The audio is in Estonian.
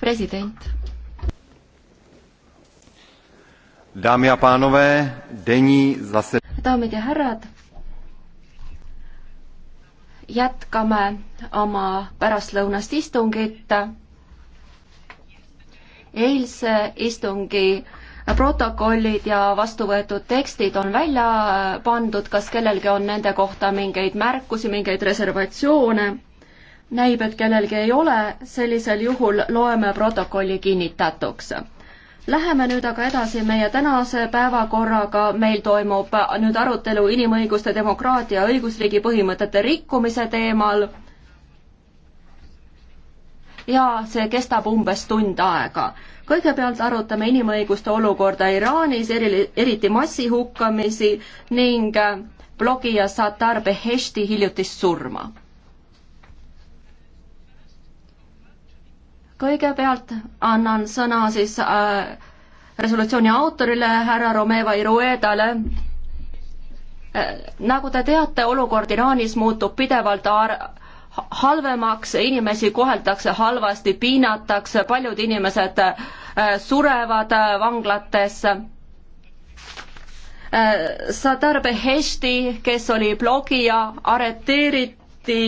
Prezident. Dámy a pánové, denní zase... Daamid ja härrad, jätkame oma pärastlõunast istungit. eilse istungi protokollid ja vastuvõetud tekstid on välja pandud, kas kellelgi on nende kohta mingeid märkusi, mingeid reservatsioone? näib, et kellelgi ei ole, sellisel juhul loeme protokolli kinnitatuks. Läheme nüüd aga edasi meie tänase päevakorraga, meil toimub nüüd arutelu inimõiguste, demokraatia ja õigusriigi põhimõtete rikkumise teemal. ja see kestab umbes tund aega. kõigepealt arutame inimõiguste olukorda Iraanis, eri, eriti massihukkamisi ning blogija Satar Beheshti hiljutist surma kõigepealt annan sõna siis äh, resolutsiooni autorile, härra Romeva Iruedale äh,. nagu te teate, olukord Iraanis muutub pidevalt halvemaks, inimesi koheldakse halvasti, piinatakse, paljud inimesed äh, surevad äh, vanglates. Äh, Sadar Beheshti, kes oli blogija, arreteeriti